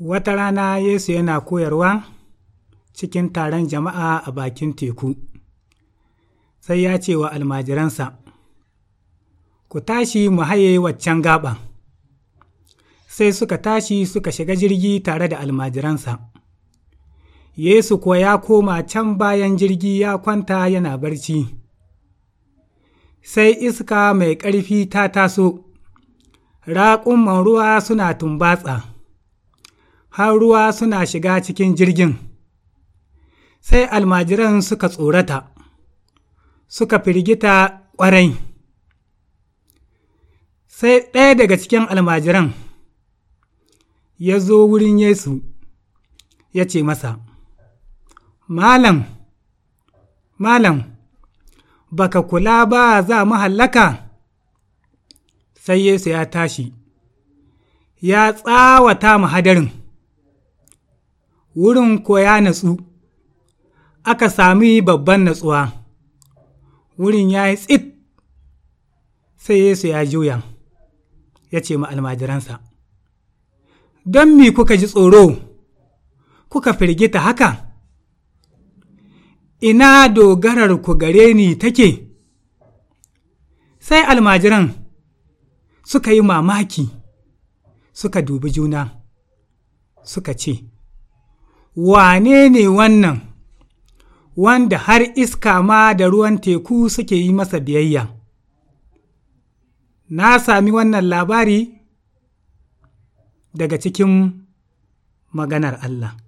Wata rana Yesu yana koyarwa cikin taron jama'a a bakin teku, sai ya ce wa almajiransa, Ku tashi mu haye waccan gaɓa. Sai suka tashi suka shiga jirgi tare da almajiransa. Yesu kuwa ya koma can bayan jirgi ya kwanta yana barci. Sai iska mai ƙarfi ta taso, raƙumman ruwa suna tumbatsa. har ruwa suna shiga cikin jirgin sai almajiran suka tsorata suka firgita ƙwarai sai ɗaya daga cikin almajiran ya zo wurin yesu ya ce masa malam malam baka kula ba za mu hallaka sai yesu ya tashi ya tsawata mu hadarin wurin ko ya natsu aka sami babban natsuwa wurin ya yi tsit sai yesu ya juya ya ce ma almajiransa don mi kuka ji tsoro kuka firgita haka ina dogarar ku gare ni take sai almajiran suka yi mamaki suka dubi juna suka ce wane ne wannan wanda har iska ma da ruwan teku suke yi masa biyayya na sami wannan labari daga cikin maganar Allah